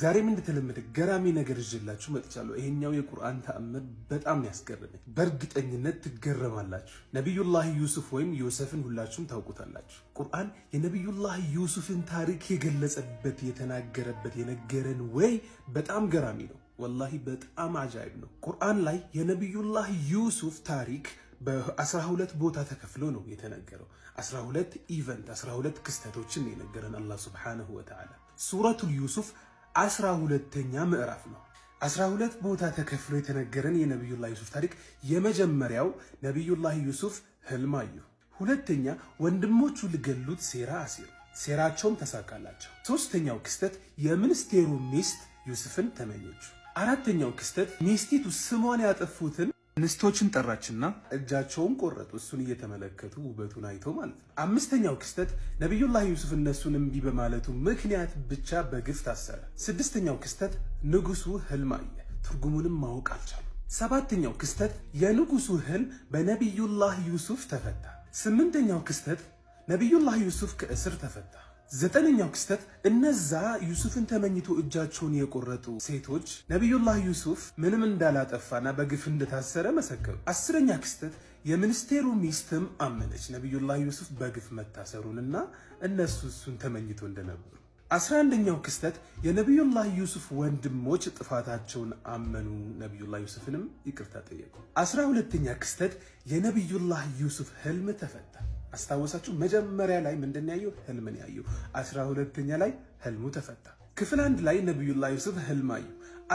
ዛሬም እንደተለመደ ገራሚ ነገር ይዤላችሁ መጥቻለሁ። ይሄኛው የቁርአን ተአምር በጣም ያስገረመኝ፣ በእርግጠኝነት ትገረማላችሁ። ነቢዩላህ ዩሱፍ ወይም ዮሰፍን ሁላችሁም ታውቁታላችሁ። ቁርአን የነቢዩላህ ዩሱፍን ታሪክ የገለጸበት የተናገረበት፣ የነገረን ወይ በጣም ገራሚ ነው። ወላሂ በጣም አጃይብ ነው። ቁርአን ላይ የነቢዩላህ ዩሱፍ ታሪክ በአስራ ሁለት ቦታ ተከፍሎ ነው የተነገረው። አስራ ሁለት ኢቨንት አስራ ሁለት ክስተቶችን የነገረን አላህ ሱብሓነሁ ወተዓላ ሱረቱል ዩሱፍ አስራ ሁለተኛ ምዕራፍ ነው። አስራ ሁለት ቦታ ተከፍሎ የተነገረን የነቢዩላህ ዩሱፍ ታሪክ የመጀመሪያው ነቢዩላህ ዩሱፍ ህልም አዩ። ሁለተኛ ወንድሞቹ ሊገሉት ሴራ አሲሩ ሴራቸውም ተሳካላቸው። ሶስተኛው ክስተት የሚኒስቴሩ ሚስት ዩስፍን ተመኘች። አራተኛው ክስተት ሚስቲቱ ስሟን ያጠፉትን እንስቶችን ጠራችና እጃቸውን ቆረጡ። እሱን እየተመለከቱ ውበቱን አይቶ ማለት ነው። አምስተኛው ክስተት ነቢዩላህ ዩሱፍ እነሱን እምቢ በማለቱ ምክንያት ብቻ በግፍ ታሰረ። ስድስተኛው ክስተት ንጉሱ ህልም አየ፣ ትርጉሙንም ማወቅ አልቻሉ። ሰባተኛው ክስተት የንጉሱ ህልም በነቢዩላህ ዩሱፍ ተፈታ። ስምንተኛው ክስተት ነቢዩላህ ዩሱፍ ከእስር ተፈታ። ዘጠነኛው ክስተት እነዛ ዩሱፍን ተመኝቶ እጃቸውን የቆረጡ ሴቶች ነቢዩላህ ዩሱፍ ምንም እንዳላጠፋና በግፍ እንደታሰረ መሰከሩ። አስረኛ ክስተት የሚኒስቴሩ ሚስትም አመነች ነቢዩላህ ዩሱፍ በግፍ መታሰሩንና እነሱ እሱን ተመኝቶ እንደነበሩ። አስራ አንደኛው ክስተት የነቢዩላህ ዩሱፍ ወንድሞች ጥፋታቸውን አመኑ፣ ነቢዩላህ ዩሱፍንም ይቅርታ ጠየቁ። አስራ ሁለተኛ ክስተት የነቢዩላህ ዩሱፍ ህልም ተፈታ። አስታወሳችሁ? መጀመሪያ ላይ ምንድን ያየው? ህልምን ያየው። አስራ ሁለተኛ ላይ ህልሙ ተፈታ። ክፍል አንድ ላይ ነቢዩላህ ዩሱፍ ህልም አዩ።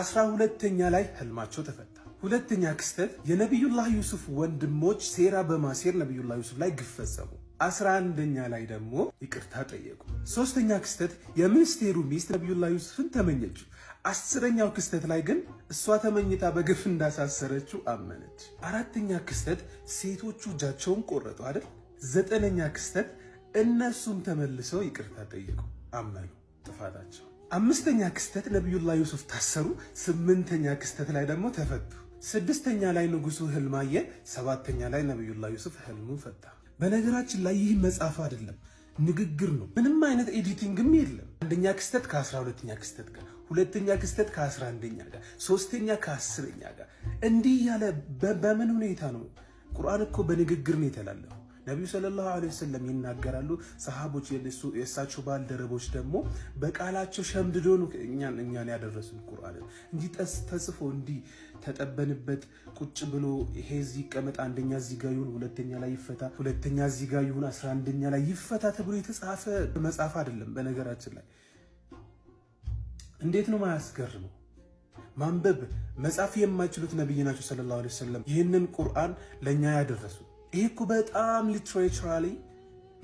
አስራ ሁለተኛ ላይ ህልማቸው ተፈታ። ሁለተኛ ክስተት የነቢዩላህ ዩሱፍ ወንድሞች ሴራ በማሴር ነቢዩላህ ዩሱፍ ላይ ግፍ ፈጸሙ። አስራ አንደኛ ላይ ደግሞ ይቅርታ ጠየቁ። ሶስተኛ ክስተት የሚኒስቴሩ ሚስት ነቢዩላህ ዩሱፍን ተመኘችው። አስረኛው ክስተት ላይ ግን እሷ ተመኝታ በግፍ እንዳሳሰረችው አመነች። አራተኛ ክስተት ሴቶቹ እጃቸውን ቆረጡ አይደል? ዘጠነኛ ክስተት እነሱም ተመልሰው ይቅርታ ጠየቁ፣ አመኑ ጥፋታቸው። አምስተኛ ክስተት ነቢዩላ ዩሱፍ ታሰሩ። ስምንተኛ ክስተት ላይ ደግሞ ተፈቱ። ስድስተኛ ላይ ንጉሱ ህልም አየ። ሰባተኛ ላይ ነቢዩላ ዩሱፍ ህልሙ ፈታ። በነገራችን ላይ ይህ መጽሐፍ አይደለም ንግግር ነው። ምንም አይነት ኤዲቲንግም የለም። አንደኛ ክስተት ከ12ኛ ክስተት ጋር፣ ሁለተኛ ክስተት ከ11ኛ ጋር፣ ሶስተኛ ከ10ኛ ጋር እንዲህ ያለ በምን ሁኔታ ነው? ቁርአን እኮ በንግግር ነው የተላለፈው። ነቢዩ ሰለላሁ ዐለይሂ ወሰለም ይናገራሉ። ሰሃቦች የእሳቸው ባልደረቦች ደግሞ በቃላቸው ሸምድዶ እኛን እኛን ያደረሱን ቁርአንን እንዲህ ተጽፎ እንዲ ተጠበንበት ቁጭ ብሎ ይሄ እዚህ ይቀመጥ አንደኛ እዚህ ጋር ይሁን ሁለተኛ ላይ ይፈታ ሁለተኛ እዚህ ጋር ይሁን አስራ አንደኛ ላይ ይፈታ ተብሎ የተጻፈ መጽሐፍ አይደለም። በነገራችን ላይ እንዴት ነው ማያስገርመው? ማንበብ መጻፍ የማይችሉት ነቢይ ናቸው ሰለላሁ ዐለይሂ ወሰለም ይህንን ቁርአን ለእኛ ያደረሱት ይሄ እኮ በጣም ሊትሬቸራሊ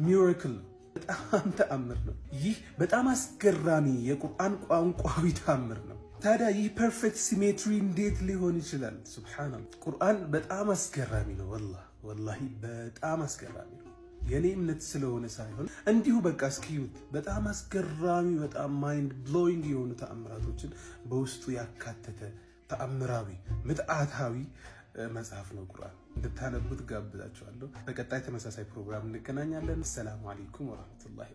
ሚራክል ነው። በጣም ተአምር ነው። ይህ በጣም አስገራሚ የቁርአን ቋንቋዊ ተአምር ነው። ታዲያ ይህ ፐርፌክት ሲሜትሪ እንዴት ሊሆን ይችላል? ሱብሓነላህ ቁርአን በጣም አስገራሚ ነው። ወላ ወላሂ በጣም አስገራሚ ነው። የኔ እምነት ስለሆነ ሳይሆን እንዲሁ በቃ እስኪዩት። በጣም አስገራሚ በጣም ማይንድ ብሎዊንግ የሆኑ ተአምራቶችን በውስጡ ያካተተ ተአምራዊ ምትአታዊ መጽሐፍ ነው ቁርአን። እንድታነቡት ጋብዛችኋለሁ። በቀጣይ ተመሳሳይ ፕሮግራም እንገናኛለን። ሰላም አለይኩም ወረህመቱላሂ